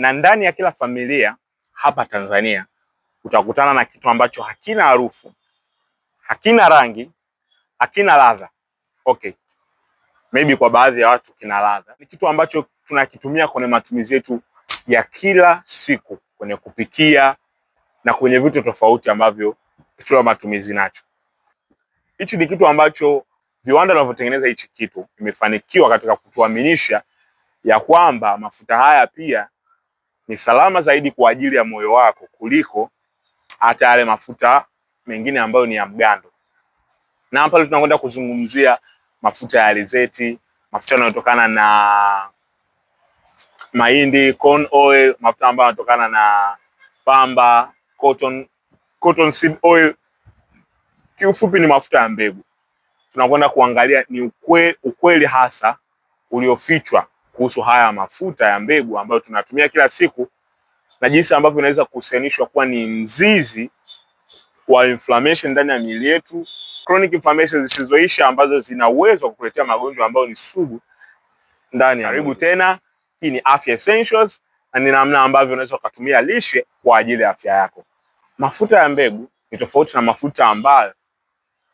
na ndani ya kila familia hapa Tanzania utakutana na kitu ambacho hakina harufu, hakina rangi, hakina ladha. Okay, maybe kwa baadhi ya watu kina ladha. Ni kitu ambacho tunakitumia kwenye matumizi yetu ya kila siku, kwenye kupikia na kwenye vitu tofauti ambavyo tuna matumizi nacho. Hichi ni kitu ambacho viwanda vinavyotengeneza hichi kitu imefanikiwa katika kutuaminisha ya kwamba mafuta haya pia ni salama zaidi kwa ajili ya moyo wako kuliko hata yale mafuta mengine ambayo ni ya mgando. Na hapa tunakwenda kuzungumzia mafuta ya alizeti, mafuta yanayotokana na mahindi corn oil, mafuta ambayo yanatokana na pamba cotton, cotton seed oil. Kiufupi ni mafuta ya mbegu. Tunakwenda kuangalia ni ukwe, ukweli hasa uliofichwa kuhusu haya mafuta ya mbegu ambayo tunatumia kila siku na jinsi ambavyo inaweza kuhusianishwa kuwa ni mzizi wa inflammation ndani ya miili yetu, chronic inflammation zisizoisha ambazo zina uwezo wa kukuletea magonjwa ambayo ni sugu ndani. Karibu tena, hii ni Afya Essentials na ni namna ambavyo unaweza ukatumia lishe kwa ajili ya afya yako. Mafuta ya mbegu ni tofauti na mafuta ambayo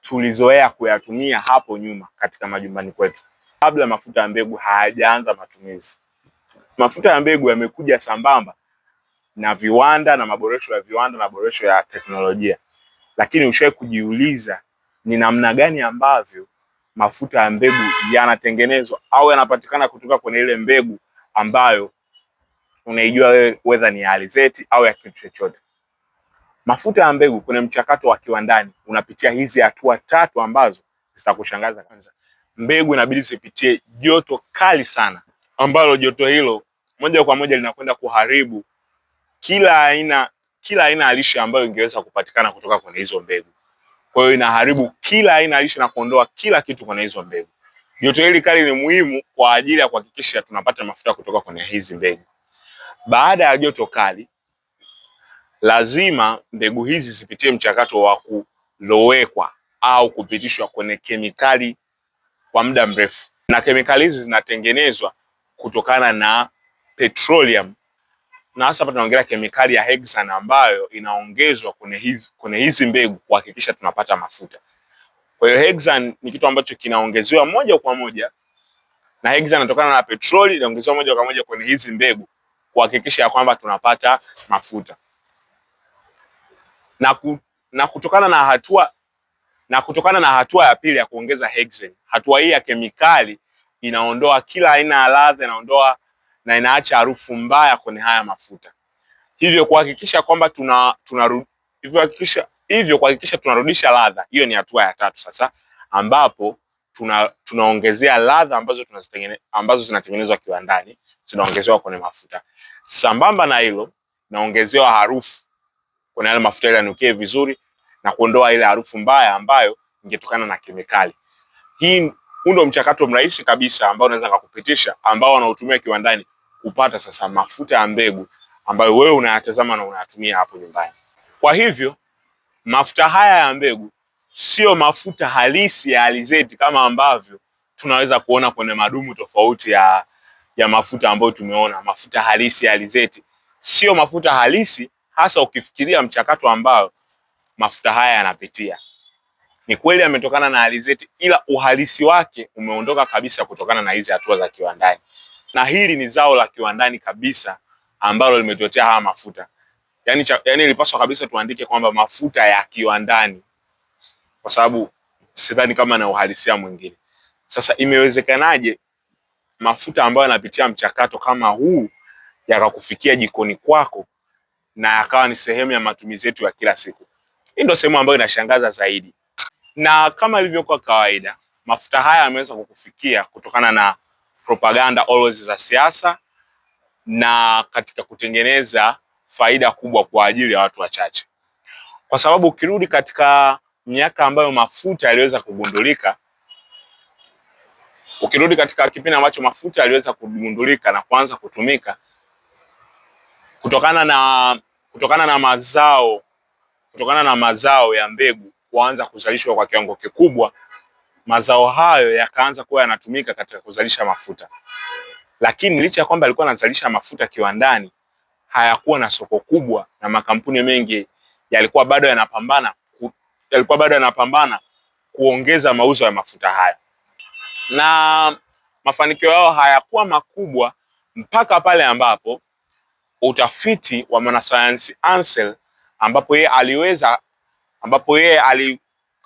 tulizoea kuyatumia hapo nyuma katika majumbani kwetu kabla mafuta ya mbegu hayajaanza matumizi. Mafuta ya mbegu yamekuja sambamba na viwanda na maboresho ya viwanda na maboresho ya teknolojia, lakini ushawahi kujiuliza ni namna gani ambavyo mafuta ya mbegu yanatengenezwa au yanapatikana kutoka kwenye ile mbegu ambayo unaijua wewe, wedha ni ya alizeti au ya kitu chochote. Mafuta ya mbegu kwenye mchakato wa kiwandani unapitia hizi hatua tatu ambazo zitakushangaza. Kwanza mbegu inabidi zipitie joto kali sana, ambalo joto hilo moja kwa moja linakwenda kuharibu kila aina kila aina ya lishe ambayo ingeweza kupatikana kutoka kwenye hizo mbegu. Kwa hiyo inaharibu kila aina ya lishe na kuondoa kila kitu kwenye hizo mbegu. Joto hili kali ni muhimu kwa ajili ya kuhakikisha tunapata mafuta kutoka kwenye hizi mbegu. Baada ya joto kali, lazima mbegu hizi zipitie mchakato wa kulowekwa au kupitishwa kwenye kemikali kwa muda mrefu, na kemikali hizi zinatengenezwa kutokana na petroleum, na hasa hapa tunaongelea kemikali ya hexane ambayo inaongezwa kwenye hizi kwenye hizi mbegu kuhakikisha tunapata mafuta. Kwa hiyo hexane ni kitu ambacho kinaongezewa moja kwa moja na hexane inatokana na petroli, inaongezewa moja kwa moja kwenye hizi mbegu kuhakikisha ya kwamba tunapata mafuta na, ku, na kutokana na hatua na kutokana na hatua ya pili ya kuongeza hexane. Hatua hii ya kemikali inaondoa kila aina ya ladha, inaondoa na inaacha harufu mbaya kwenye haya mafuta, hivyo kuhakikisha kwamba tuna, tuna, hivyo hivyo kuhakikisha tunarudisha ladha. Hiyo ni hatua ya tatu sasa, ambapo tuna tunaongezea ladha ambazo tunazitengeneza ambazo zinatengenezwa kiwandani zinaongezewa kwenye mafuta. Sambamba na hilo, naongezewa harufu kwenye yale mafuta ili yanukie vizuri na kuondoa ile harufu mbaya ambayo ingetokana na kemikali hii. Huu ndio mchakato mrahisi kabisa ambao unaweza kukupitisha, ambao wanaotumia kiwandani kupata sasa mafuta ya mbegu ambayo wewe unayatazama na unayatumia hapo nyumbani. Kwa hivyo mafuta haya ya mbegu sio mafuta halisi ya alizeti kama ambavyo tunaweza kuona kwenye madumu tofauti ya ya mafuta ambayo tumeona. Mafuta halisi ya alizeti sio mafuta halisi, hasa ukifikiria mchakato ambao mafuta haya yanapitia. Ni kweli yametokana na alizeti, ila uhalisi wake umeondoka kabisa kutokana na hizi hatua za kiwandani, na hili ni zao la kiwandani kabisa ambalo limetuletea haya mafuta. Yani, yani ilipaswa kabisa tuandike kwamba mafuta ya kiwandani, kwa sababu sidhani kama na uhalisia mwingine. Sasa imewezekanaje mafuta ambayo yanapitia mchakato kama huu yakakufikia jikoni kwako na yakawa ni sehemu ya matumizi yetu ya kila siku? Hii ndio sehemu ambayo inashangaza zaidi, na kama ilivyokuwa kawaida, mafuta haya yameweza kukufikia kutokana na propaganda always za siasa na katika kutengeneza faida kubwa kwa ajili ya watu wachache, kwa sababu ukirudi katika miaka ambayo mafuta yaliweza kugundulika, ukirudi katika kipindi ambacho mafuta yaliweza kugundulika na kuanza kutumika kutokana na kutokana na mazao kutokana na mazao ya mbegu kuanza kuzalishwa kwa kiwango kikubwa, mazao hayo yakaanza kuwa yanatumika katika kuzalisha mafuta. Lakini licha ya kwamba alikuwa anazalisha mafuta kiwandani, hayakuwa na soko kubwa, na makampuni mengi yalikuwa bado yanapambana yalikuwa bado yanapambana kuongeza mauzo ya mafuta haya, na mafanikio yao hayakuwa makubwa mpaka pale ambapo utafiti wa mwanasayansi Ansel ambapo yeye aliweza ambapo yeye ali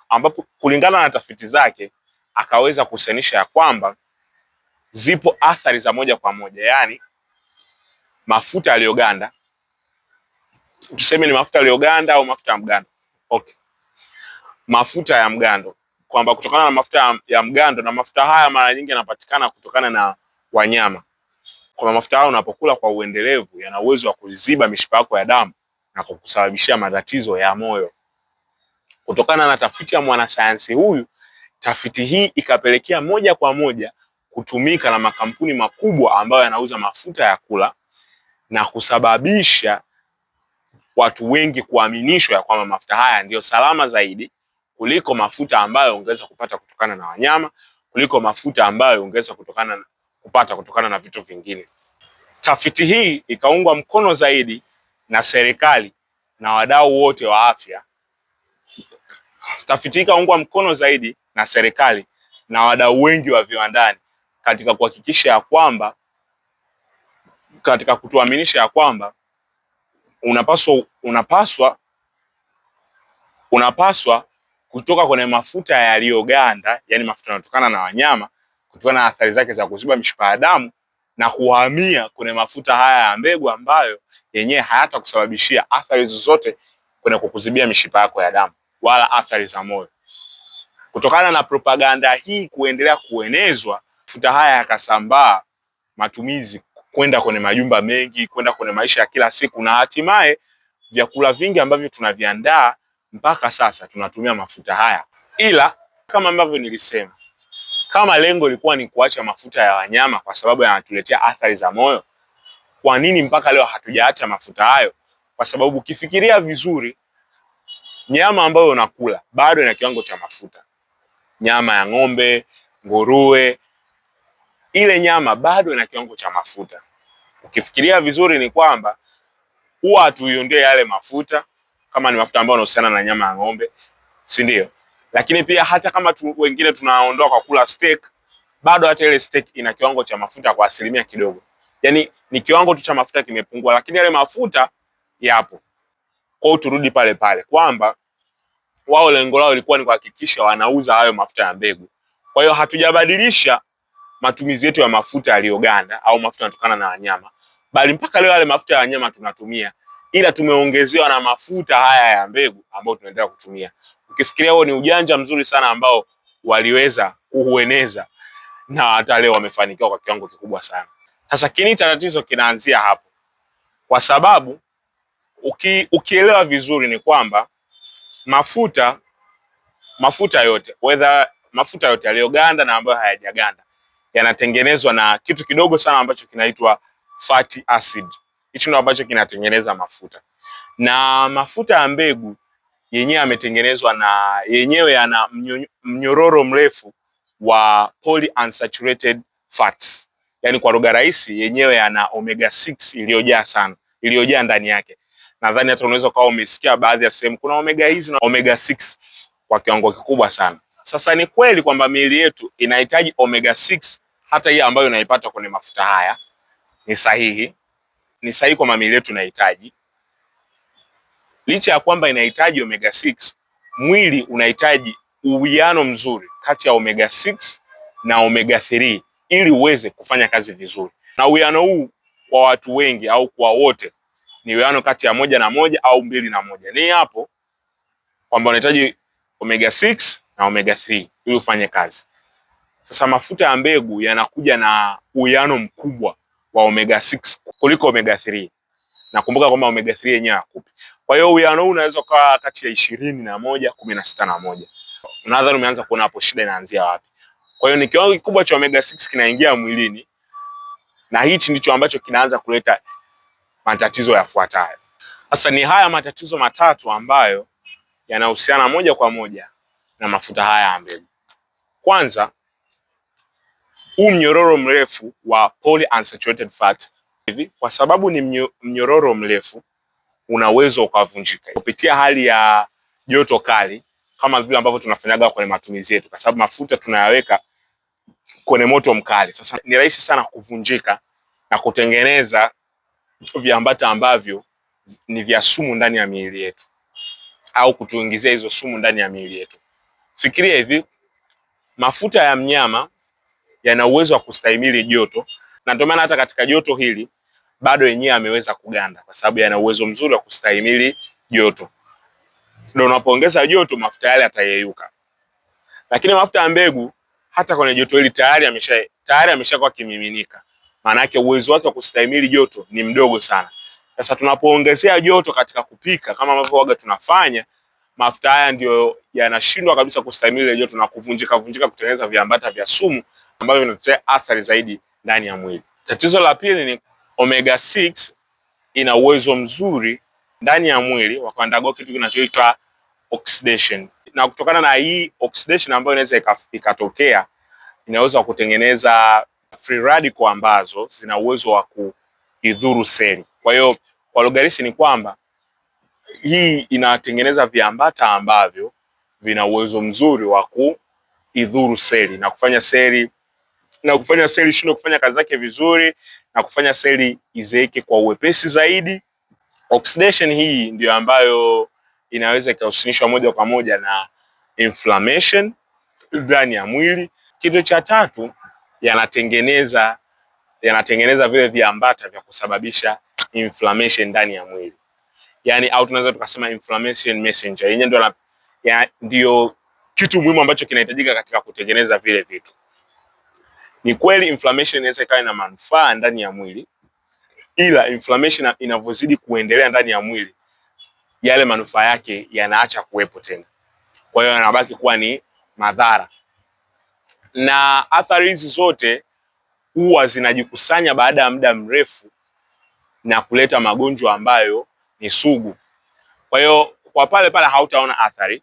ambapo kulingana na tafiti zake akaweza kuhusianisha ya kwamba zipo athari za moja kwa moja, yaani mafuta yaliyoganda, tuseme ni mafuta yaliyoganda au mafuta ya mgando okay. Mafuta ya mgando kwamba kutokana na mafuta ya mgando, na mafuta haya mara nyingi yanapatikana kutokana na wanyama, kwa mafuta hayo unapokula kwa uendelevu, yana uwezo wa kuziba mishipa yako ya damu na kukusababishia matatizo ya moyo. Kutokana na tafiti ya mwanasayansi huyu, tafiti hii ikapelekea moja kwa moja kutumika na makampuni makubwa ambayo yanauza mafuta ya kula na kusababisha watu wengi kuaminishwa ya kwamba mafuta haya ndiyo salama zaidi kuliko mafuta ambayo ungeweza kupata kutokana na wanyama, kuliko mafuta ambayo ungeweza kutokana kupata kutokana na vitu vingine. Tafiti hii ikaungwa mkono zaidi na serikali na wadau wote wa afya. tafitika ungwa mkono zaidi na serikali na wadau wengi wa viwandani katika kuhakikisha ya kwamba, katika kutuaminisha ya kwamba unapaswa unapaswa unapaswa kutoka kwenye mafuta yaliyoganda, yani mafuta yanayotokana na wanyama kutokana na athari zake za kuziba mishipa ya damu na kuhamia kwenye mafuta haya ya mbegu ambayo yenyewe hayatakusababishia athari zozote kwenye kukuzibia mishipa yako ya damu wala athari za moyo. Kutokana na propaganda hii kuendelea kuenezwa, mafuta haya yakasambaa matumizi kwenda kwenye majumba mengi, kwenda kwenye maisha ya kila siku, na hatimaye vyakula vingi ambavyo tunaviandaa mpaka sasa tunatumia mafuta haya, ila kama ambavyo nilisema kama lengo lilikuwa ni kuacha mafuta ya wanyama kwa sababu yanatuletea athari za moyo, kwa nini mpaka leo hatujaacha mafuta hayo? Kwa sababu ukifikiria vizuri, nyama ambayo unakula bado ina kiwango cha mafuta. Nyama ya ng'ombe, nguruwe, ile nyama bado ina kiwango cha mafuta. Ukifikiria vizuri, ni kwamba huwa hatuiondee yale mafuta, kama ni mafuta ambayo yanahusiana na nyama ya ng'ombe, si ndio? lakini pia hata kama tu, wengine tunaondoa kwa kula steak, bado hata ile steak ina kiwango cha mafuta kwa asilimia kidogo, yaani ni kiwango tu cha mafuta kimepungua, lakini yale mafuta yapo. Kwa hiyo turudi pale pale kwamba wao lengo lao lilikuwa ni kuhakikisha wanauza hayo mafuta ya mbegu. Kwa hiyo hatujabadilisha matumizi yetu ya mafuta yaliyoganda au mafuta yanatokana na wanyama, bali mpaka leo yale mafuta ya wanyama tunatumia, ila tumeongezewa na mafuta haya ya mbegu ambayo tunaendelea kutumia ukifikiria huo ni ujanja mzuri sana ambao waliweza kuueneza na hata leo wamefanikiwa kwa kiwango kikubwa sana. Sasa kini cha tatizo kinaanzia hapo, kwa sababu uki, ukielewa vizuri ni kwamba mafuta mafuta yote whether mafuta yote yaliyoganda na ambayo hayajaganda yanatengenezwa na kitu kidogo sana ambacho kinaitwa fatty acid. Hichi ndio ambacho kinatengeneza mafuta, na mafuta ya mbegu yenyewe ametengenezwa na yenyewe yana mnyororo mrefu wa polyunsaturated fats, yani kwa lugha rahisi yenyewe yana omega 6 iliyojaa sana, iliyojaa ndani yake. Nadhani hata unaweza ukawa umesikia baadhi ya sehemu kuna omega hizi na omega 6 kwa kiwango kikubwa sana. Sasa ni kweli kwamba miili yetu inahitaji omega 6 hata hii ambayo unaipata kwenye mafuta haya, ni sahihi, ni sahihi kwamba miili yetu inahitaji licha ya kwamba inahitaji omega 6, mwili unahitaji uwiano mzuri kati ya omega 6 na omega 3 ili uweze kufanya kazi vizuri, na uwiano huu kwa watu wengi au kwa wote ni uwiano kati ya moja na moja au mbili na moja. Ni hapo kwamba unahitaji omega 6 na omega 3 ili ufanye kazi. Sasa mafuta ya mbegu yanakuja na uwiano mkubwa wa omega 6 kuliko omega 3. Nakumbuka kwamba omega 3 yenyewe hakupi. Kwa hiyo uwiano huu unaweza ukawa kati ya ishirini na moja kumi na sita na moja. Nadhani umeanza kuona hapo shida inaanzia wapi. Kwa hiyo ni kiwango kikubwa cha omega 6 kinaingia mwilini na hichi ndicho ambacho kinaanza kuleta matatizo yafuatayo. Sasa ni haya matatizo matatu ambayo yanahusiana moja kwa moja na mafuta haya ya mbegu. Kwanza, huu mnyororo mrefu wa polyunsaturated fat hivi, kwa sababu ni mnyororo mrefu unaweza ukavunjika kupitia hali ya joto kali, kama vile ambavyo tunafanyaga kwenye matumizi yetu, kwa sababu mafuta tunayaweka kwenye moto mkali. Sasa ni rahisi sana kuvunjika na kutengeneza viambata ambavyo ni vya sumu ndani ya miili yetu au kutuingizia hizo sumu ndani ya miili yetu. Fikiria hivi, mafuta ya mnyama yana uwezo wa kustahimili joto, na ndio maana hata katika joto hili bado yenyewe ameweza kuganda, kwa sababu yana uwezo mzuri wa kustahimili joto. Ndio unapoongeza joto, mafuta yale atayeyuka. Lakini mafuta ya mbegu hata kwenye joto hili tayari amesha tayari ameshakuwa kimiminika, maana yake uwezo wake wa kustahimili joto ni mdogo sana. Sasa tunapoongezea joto katika kupika kama ambavyo waga tunafanya, mafuta haya ndio yanashindwa kabisa kustahimili joto na kuvunjika vunjika, kutengeneza viambata vya sumu ambavyo vinatetea athari zaidi ndani ya mwili. Tatizo la pili ni omega 6 ina uwezo mzuri ndani ya mwili wa kuandagoa kitu kinachoitwa oxidation, na kutokana na hii oxidation ambayo inaweza ikatokea, inaweza kutengeneza free radical ambazo zina uwezo wa kuidhuru seli. Kwa hiyo kwa lugha rahisi ni kwamba hii inatengeneza viambata ambavyo vina uwezo mzuri wa kuidhuru seli na kufanya seli na kufanya seli shindwe kufanya kazi zake vizuri na kufanya seli izeeke kwa uwepesi zaidi. Oxidation hii ndiyo ambayo inaweza ikahusishwa moja kwa moja na inflammation ndani ya mwili. Kitu cha tatu, yanatengeneza yanatengeneza vile viambata vya kusababisha inflammation ndani ya mwili, yani au tunaweza tukasema inflammation messenger yenyewe ndio kitu muhimu ambacho kinahitajika katika kutengeneza vile vitu. Ni kweli inflammation inaweza ikawa ina manufaa ndani ya mwili, ila inflammation inavyozidi kuendelea ndani ya mwili, yale manufaa yake yanaacha kuwepo tena, kwa hiyo yanabaki kuwa ni madhara, na athari hizi zote huwa zinajikusanya baada ya muda mrefu na kuleta magonjwa ambayo ni sugu. Kwa hiyo kwa pale pale hautaona athari,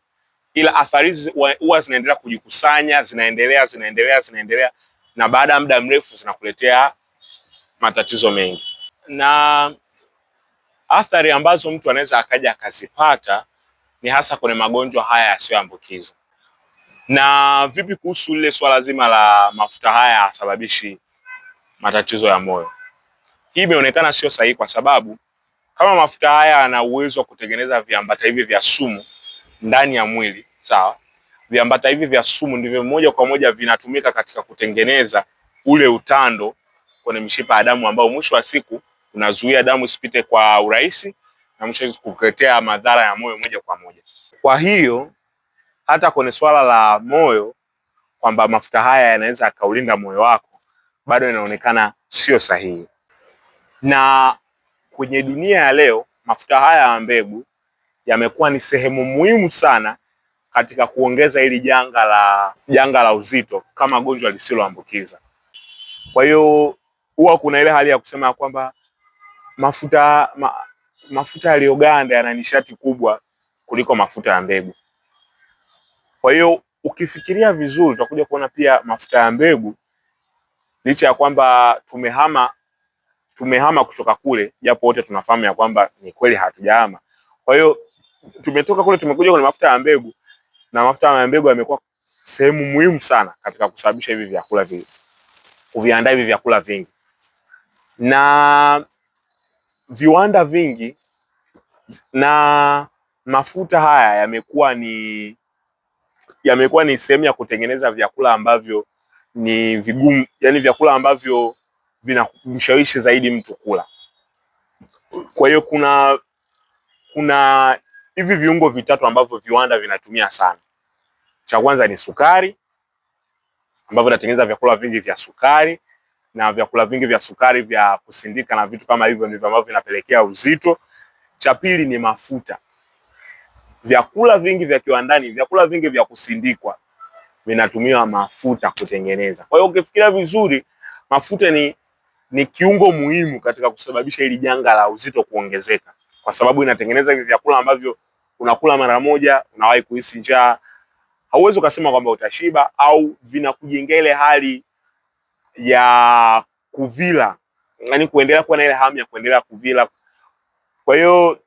ila athari hizi huwa zinaendelea kujikusanya, zinaendelea, zinaendelea, zinaendelea na baada ya muda mrefu zinakuletea matatizo mengi, na athari ambazo mtu anaweza akaja akazipata ni hasa kwenye magonjwa haya yasiyoambukiza. Na vipi kuhusu lile swala zima la mafuta haya yasababishi matatizo ya moyo? Hii imeonekana sio sahihi, kwa sababu kama mafuta haya yana uwezo wa kutengeneza viambata hivi vya sumu ndani ya mwili, sawa viambata hivi vya sumu ndivyo moja kwa moja vinatumika katika kutengeneza ule utando kwenye mishipa ya damu ambao mwisho wa siku unazuia damu isipite kwa urahisi na mwisho kukuletea madhara ya moyo moja kwa moja. Kwa hiyo hata kwenye swala la moyo kwamba mafuta haya yanaweza yakaulinda moyo wako, bado inaonekana sio sahihi. Na kwenye dunia ya leo mafuta haya ya mbegu yamekuwa ni sehemu muhimu sana katika kuongeza hili janga la janga la uzito kama gonjwa lisiloambukiza. Kwa hiyo huwa kuna ile hali ya kusema ya kwamba mafuta ma, mafuta yaliyoganda yana nishati kubwa kuliko mafuta ya mbegu. Kwa hiyo ukifikiria vizuri utakuja kuona pia mafuta ya mbegu licha ya kwamba tumehama tumehama kutoka kule, japo wote tunafahamu ya kwamba ni kweli hatujahama. Kwa hiyo tumetoka kule tumekuja kwenye mafuta ya mbegu, na mafuta ya mbegu yamekuwa sehemu muhimu sana katika kusababisha hivi vyakula vingi, kuviandaa hivi vyakula vingi, na viwanda vingi na mafuta haya yamekuwa ni yamekuwa ni sehemu ya kutengeneza vyakula ambavyo ni vigumu, yani vyakula ambavyo vinamshawishi zaidi mtu kula. Kwa hiyo kuna kuna hivi viungo vitatu ambavyo viwanda vinatumia sana. Cha kwanza ni sukari, ambavyo inatengeneza vyakula vingi vya sukari na vyakula vingi vya sukari vya kusindika na vitu kama hivyo ndivyo ambavyo vinapelekea uzito. Cha pili ni mafuta. Vyakula vingi vya kiwandani, vyakula vingi vya kusindikwa vinatumia mafuta kutengeneza. Kwa hiyo ukifikiria vizuri, mafuta ni, ni kiungo muhimu katika kusababisha hili janga la uzito kuongezeka, kwa sababu inatengeneza hivi vyakula ambavyo unakula mara moja, unawahi kuhisi njaa, hauwezi ukasema kwamba utashiba au vinakujengea ile hali ya kuvila, yani kuendelea kuwa na ile hamu ya kuendelea kuvila. Kwa hiyo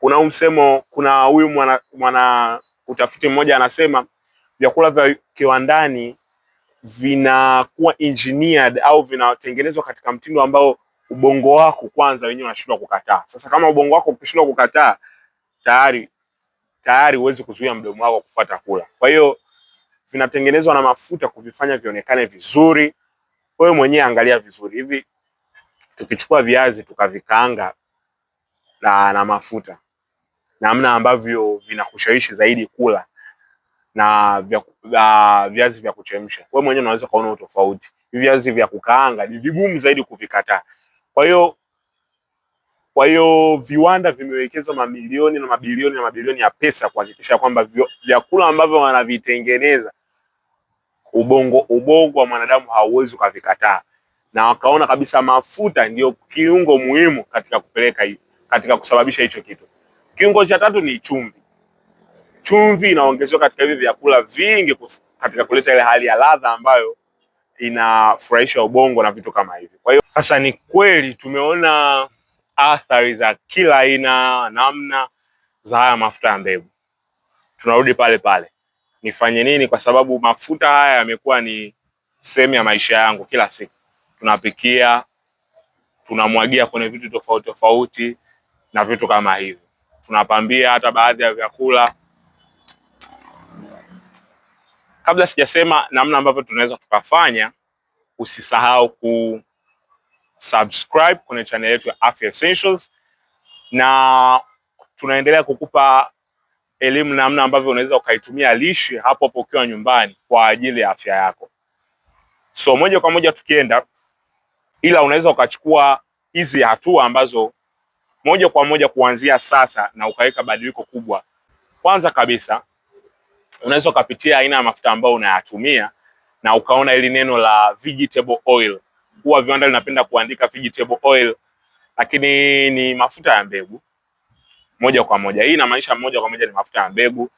kuna huu msemo, kuna huyu mwana, mwana utafiti mmoja anasema vyakula vya kiwandani vinakuwa engineered au vinatengenezwa katika mtindo ambao ubongo wako kwanza wenyewe unashindwa kukataa. Sasa kama ubongo wako ukishindwa kukataa tayari tayari huwezi kuzuia mdomo wako kufuata kula. Kwa hiyo vinatengenezwa na mafuta kuvifanya vionekane vizuri. Wewe mwenyewe angalia vizuri hivi, tukichukua viazi tukavikaanga na, na mafuta, namna ambavyo vinakushawishi zaidi kula na vya, uh, viazi vya kuchemsha. Wewe mwenyewe unaweza kuona utofauti. Hivi viazi vya kukaanga ni vigumu zaidi kuvikataa. Kwa hiyo kwa hiyo viwanda vimewekeza mamilioni na mabilioni na mabilioni ya pesa kuhakikisha kwamba vyakula ambavyo wanavitengeneza ubongo ubongo wa mwanadamu hauwezi ukavikataa, na wakaona kabisa mafuta ndiyo kiungo muhimu katika kupeleka hiyo, katika kusababisha hicho kitu. Kiungo cha tatu ni chumvi. Chumvi inaongezewa katika hivi vyakula vingi katika kuleta ile hali ya ladha ambayo inafurahisha ubongo na vitu kama hivi Kwa hiyo sasa, ni kweli tumeona athari za kila aina namna za haya mafuta ya mbegu. Tunarudi pale pale, nifanye nini? Kwa sababu mafuta haya yamekuwa ni sehemu ya maisha yangu kila siku. Tunapikia, tunamwagia kwenye vitu tofauti tofauti na vitu kama hivyo, tunapambia hata baadhi ya vyakula. Kabla sijasema namna ambavyo tunaweza tukafanya, usisahau ku subscribe kwenye channel yetu ya Afya Essentials, na tunaendelea kukupa elimu namna ambavyo unaweza ukaitumia lishe hapo hapo ukiwa nyumbani kwa ajili ya afya yako. So moja kwa moja tukienda, ila unaweza ukachukua hizi hatua ambazo moja kwa moja kuanzia sasa na ukaweka badiliko kubwa. Kwanza kabisa unaweza ukapitia aina ya mafuta ambayo unayatumia na ukaona ili neno la vegetable oil kuu viwanda linapenda kuandika vegetable oil, lakini ni mafuta ya mbegu moja kwa moja. Hii inamaanisha moja kwa moja ni mafuta ya mbegu.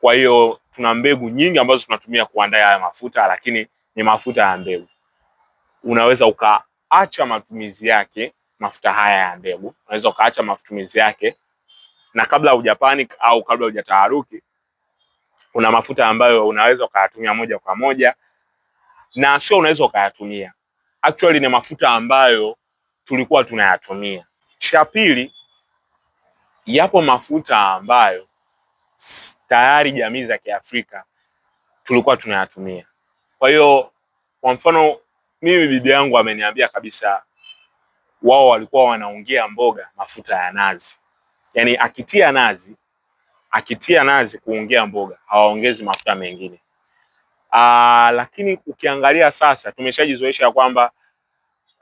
Kwa hiyo tuna mbegu nyingi ambazo tunatumia kuandaa haya mafuta, lakini ni mafuta ya mbegu. Unaweza ukaacha matumizi yake mafuta haya ya mbegu, unaweza ukaacha matumizi yake, na kabla hujapanic au kabla hujataharuki, kuna mafuta ambayo unaweza ukayatumia moja kwa moja na sio unaweza ukayatumia, actually ni mafuta ambayo tulikuwa tunayatumia. Cha pili, yapo mafuta ambayo tayari jamii za Kiafrika tulikuwa tunayatumia. Kwa hiyo kwa mfano mimi bibi yangu ameniambia kabisa, wao walikuwa wanaongea mboga mafuta ya nazi, yaani akitia nazi, akitia nazi kuongea mboga hawaongezi mafuta mengine. Aa, ah, lakini ukiangalia sasa tumeshajizoesha ya kwamba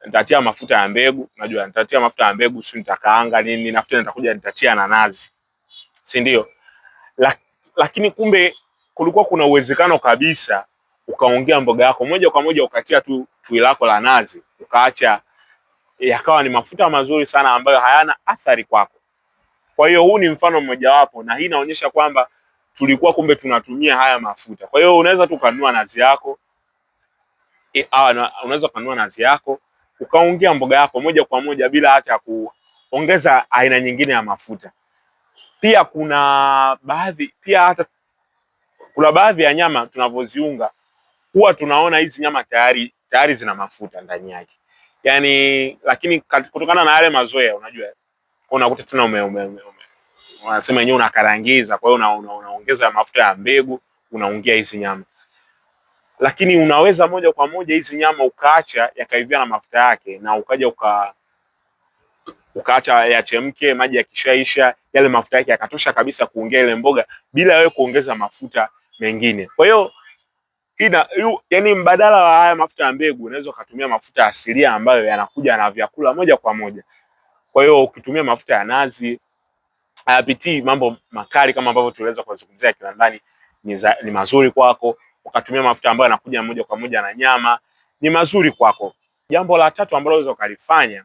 nitatia mafuta ya mbegu, najua nitatia mafuta ya mbegu, si nitakaanga nini, nafuta nitakuja nitatia nazi, si ndio? Lak, lakini kumbe kulikuwa kuna uwezekano kabisa ukaongea mboga yako moja kwa moja ukatia tu tui lako la nazi ukaacha yakawa ni mafuta mazuri sana ambayo hayana athari kwako. Kwa hiyo huu ni mfano mmojawapo, na hii inaonyesha kwamba tulikuwa kumbe tunatumia haya mafuta. Kwa hiyo unaweza tu ukanunua nazi yako e, unaweza ukanunua nazi yako ukaongea mboga yako moja kwa moja bila hata ya kuongeza aina nyingine ya mafuta. Pia kuna baadhi pia hata kuna baadhi ya nyama tunavyoziunga huwa tunaona hizi nyama tayari tayari zina mafuta ndani yake, yaani, lakini kutokana na yale mazoea, unajua unakuta tena ume, ume, ume, wanasema yenyewe unakarangiza, kwa hiyo una, unaongeza una, mafuta ya mbegu unaongea hizi nyama, lakini unaweza moja kwa moja hizi nyama ukaacha yakaivia na mafuta yake na ukaja uka ukaacha yachemke, maji yakishaisha, yale mafuta yake yakatosha kabisa kuongea ile mboga bila wewe kuongeza mafuta mengine. Kwa hiyo ina yu, yani, mbadala wa haya mafuta ya mbegu unaweza ukatumia mafuta asilia ambayo yanakuja na vyakula moja kwa moja. Kwa hiyo ukitumia mafuta ya nazi hayapitii mambo makali kama ambavyo tuliweza kuzungumzia ndani Ni, ni mazuri kwako ukatumia mafuta ambayo yanakuja moja kwa moja na nyama, ni mazuri kwako. Jambo la tatu ambalo unaweza ukalifanya,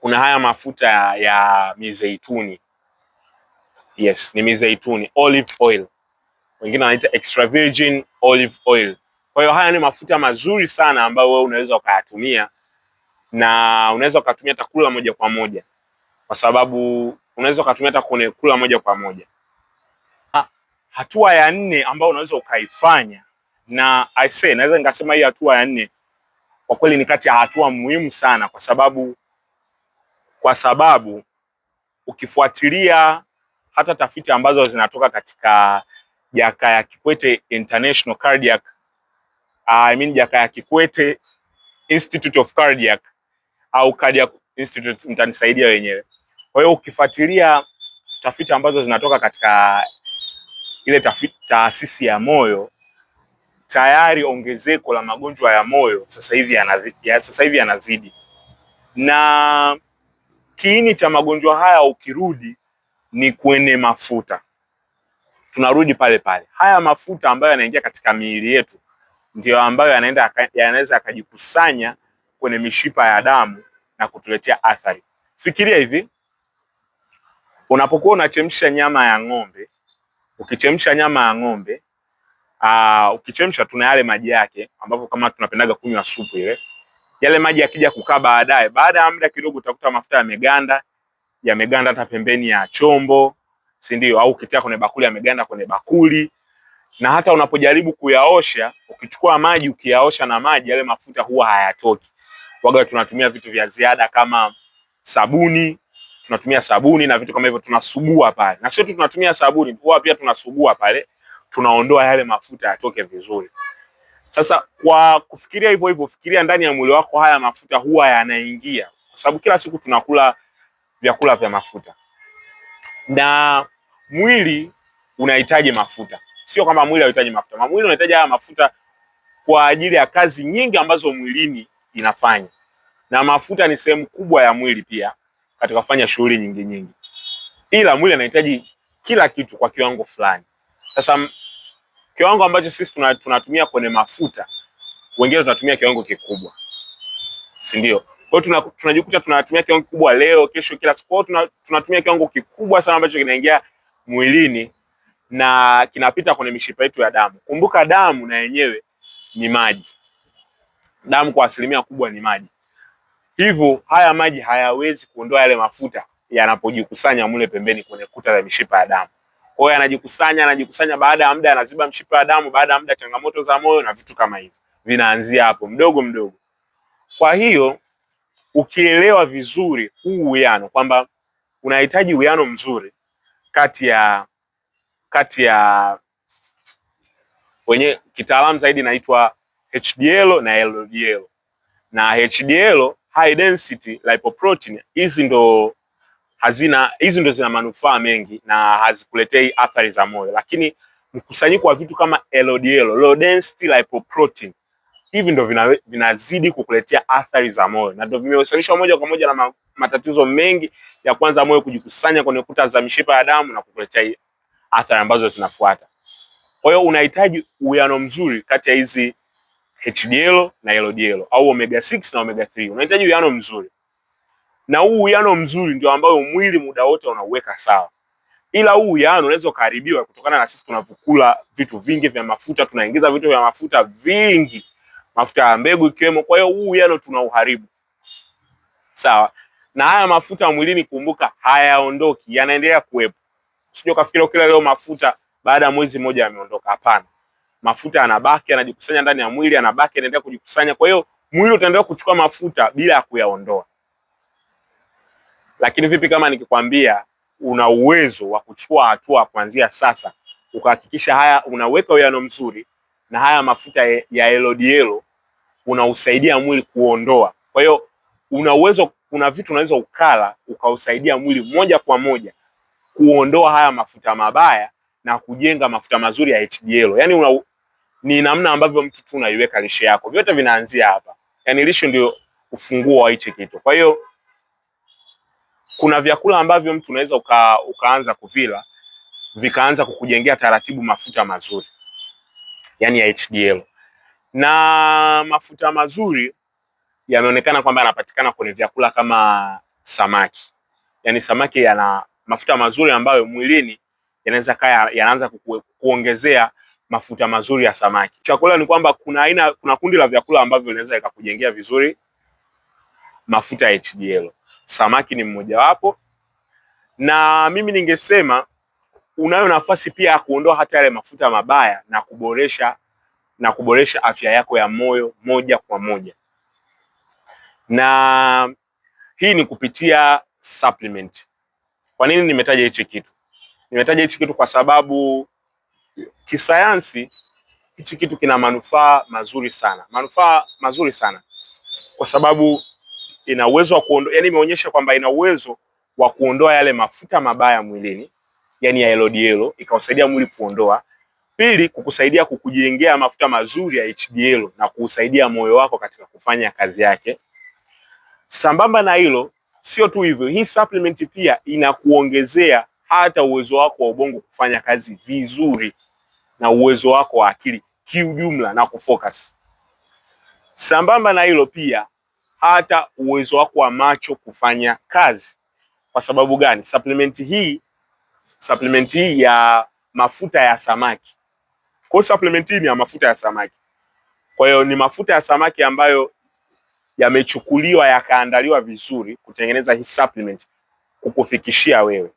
kuna haya mafuta ya, ya mizeituni. Yes, ni mizeituni olive oil, wengine wanaita extra virgin olive oil. Kwa hiyo haya ni mafuta mazuri sana ambayo wewe unaweza ukayatumia na unaweza ukatumia takula moja kwa moja, kwa sababu unaweza ukatumia hata kwenye kula moja kwa moja. Ha, ah, hatua ya nne ambayo unaweza ukaifanya na I say naweza nikasema hii hatua ya nne kwa kweli ni kati ya hatua muhimu sana, kwa sababu kwa sababu ukifuatilia hata tafiti ambazo zinatoka katika Jakaya Kikwete International Cardiac, uh, I mean Jakaya Kikwete Institute of Cardiac au Cardiac Institute, mtanisaidia wenyewe. Kwa hiyo ukifuatilia tafiti ambazo zinatoka katika ile tafiti, taasisi ya moyo, tayari ongezeko la magonjwa ya moyo sasa hivi yanazidi, ya, sasa hivi yanazidi na kiini cha magonjwa haya ukirudi ni kwenye mafuta, tunarudi pale pale. Haya mafuta ambayo yanaingia katika miili yetu ndiyo ambayo yanaenda yanaweza yakajikusanya kwenye mishipa ya damu na kutuletea athari. Fikiria hivi, Unapokuwa unachemsha nyama ya ng'ombe, ukichemsha nyama ya ng'ombe aa, ah, ukichemsha tuna yale maji yake ambavyo kama tunapendaga kunywa supu ile. Yale maji yakija kukaa baadaye, baada ya muda kidogo utakuta mafuta yameganda, yameganda hata pembeni ya chombo, si ndio? Au ukitia kwenye bakuli yameganda kwenye bakuli. Na hata unapojaribu kuyaosha, ukichukua maji ukiyaosha na maji yale mafuta huwa hayatoki. Waga tunatumia vitu vya ziada kama sabuni tunatumia sabuni na vitu kama hivyo, tunasugua pale, na sio tu tunatumia sabuni, huwa pia tunasugua pale, tunaondoa yale mafuta yatoke vizuri. Sasa kwa kufikiria hivyo hivyo, fikiria ndani ya mwili wako haya mafuta huwa yanaingia, kwa sababu kila siku tunakula vyakula vya mafuta na mwili unahitaji mafuta. Sio kama mwili hauhitaji mafuta, mwili unahitaji haya mafuta kwa ajili ya kazi nyingi ambazo mwilini inafanya, na mafuta ni sehemu kubwa ya mwili pia katika kufanya shughuli nyingi nyingi, ila mwili anahitaji kila kitu kwa kiwango fulani. Sasa kiwango ambacho sisi tunatumia tuna kwenye mafuta, wengine tunatumia kiwango kikubwa, si ndio? Kwa hiyo tunajikuta tunatumia kiwango kikubwa leo, kesho, kila siku tuna, tunatumia kiwango kikubwa sana ambacho kinaingia mwilini na kinapita kwenye mishipa yetu ya damu. Kumbuka damu na yenyewe ni maji, damu kwa asilimia kubwa ni maji. Hivyo haya maji hayawezi kuondoa yale mafuta yanapojikusanya mule pembeni kwenye kuta za mishipa ya damu. Kwa hiyo anajikusanya anajikusanya, baada ya muda anaziba mshipa ya damu, baada ya muda changamoto za moyo na vitu kama hivyo vinaanzia hapo mdogo mdogo. Kwa hiyo ukielewa vizuri huu uwiano kwamba unahitaji uwiano mzuri kati ya kati ya wenye kitaalamu zaidi inaitwa HDL na LDL na HDL high density lipoprotein, hizi ndo hazina hizi ndo zina manufaa mengi na hazikuletei athari za moyo, lakini mkusanyiko wa vitu kama LDL, low density lipoprotein, hivi ndo vinazidi vina kukuletea athari za moyo na ndo vimehusanishwa moja kwa moja na matatizo mengi ya kwanza, moyo kujikusanya kwenye kuta za mishipa ya damu na kukuletea athari ambazo zinafuata. Kwa hiyo unahitaji uwiano mzuri kati ya hizi HDL na LDL au omega 6 na omega 3. Unahitaji uwiano mzuri, na huu uwiano mzuri ndio ambayo mwili muda wote unauweka sawa, ila huu uwiano unaweza ukaharibiwa kutokana na sisi tunavyokula vitu vingi vya mafuta, tunaingiza vitu vya mafuta vingi, mafuta ya mbegu ikiwemo. Kwa hiyo huu uwiano tunauharibu, sawa na haya mafuta mwilini, kumbuka, hayaondoki, yanaendelea kuwepo. Usije ukafikiria kila leo mafuta baada ya mwezi mmoja yameondoka. Hapana mafuta yanabaki, yanajikusanya ndani ya mwili, yanabaki yanaendelea kujikusanya. Kwa hiyo mwili utaendelea kuchukua mafuta bila ya kuyaondoa. Lakini vipi kama nikikwambia una uwezo wa kuchukua hatua kuanzia sasa, ukahakikisha haya unaweka uwiano mzuri na haya mafuta ya elodielo unausaidia mwili kuondoa. Kwa hiyo una uwezo, kuna vitu unaweza ukala ukausaidia mwili moja kwa moja kuondoa haya mafuta mabaya na kujenga mafuta mazuri ya HDL. Yaani una ni namna ambavyo mtu tu unaiweka lishe yako, vyote vinaanzia hapa. Yani lishe ndio ufunguo wa hichi kitu. Kwa hiyo kuna vyakula ambavyo mtu unaweza uka, ukaanza kuvila vikaanza kukujengea taratibu mafuta mazuri yani ya HDL na mafuta mazuri yameonekana kwamba yanapatikana kwenye vyakula kama samaki. Yani samaki yana mafuta mazuri ambayo mwilini yanaweza kaya yanaanza kuongezea mafuta mazuri ya samaki. Chakula ni kwamba kuna aina, kuna kundi la vyakula ambavyo inaweza ikakujengea vizuri mafuta ya HDL. Samaki ni mmojawapo, na mimi ningesema unayo nafasi pia ya kuondoa hata yale mafuta mabaya na kuboresha na kuboresha afya yako ya moyo moja kwa moja, na hii ni kupitia supplement. Kwa nini nimetaja hichi kitu? Nimetaja hichi kitu kwa sababu kisayansi hichi kitu kina manufaa mazuri sana, manufaa mazuri sana kwa sababu ina uwezo wa kuondoa, yani imeonyesha kwamba ina uwezo wa kuondoa yale mafuta mabaya mwilini, yani ya LDL, ikawasaidia mwili kuondoa. Pili, kukusaidia kukujengea mafuta mazuri ya HDL na kuusaidia moyo wako katika kufanya kazi yake. Sambamba na hilo, sio tu hivyo, hii supplement pia inakuongezea hata uwezo wako wa ubongo kufanya kazi vizuri na uwezo wako wa akili kiujumla na kufocus. Sambamba na hilo pia hata uwezo wako wa macho kufanya kazi. Kwa sababu gani? Supplement hii supplement hii ya mafuta ya samaki, kwa supplement hii ni ya mafuta ya samaki. Kwa hiyo ni mafuta ya samaki ambayo yamechukuliwa yakaandaliwa vizuri kutengeneza hii supplement kukufikishia wewe.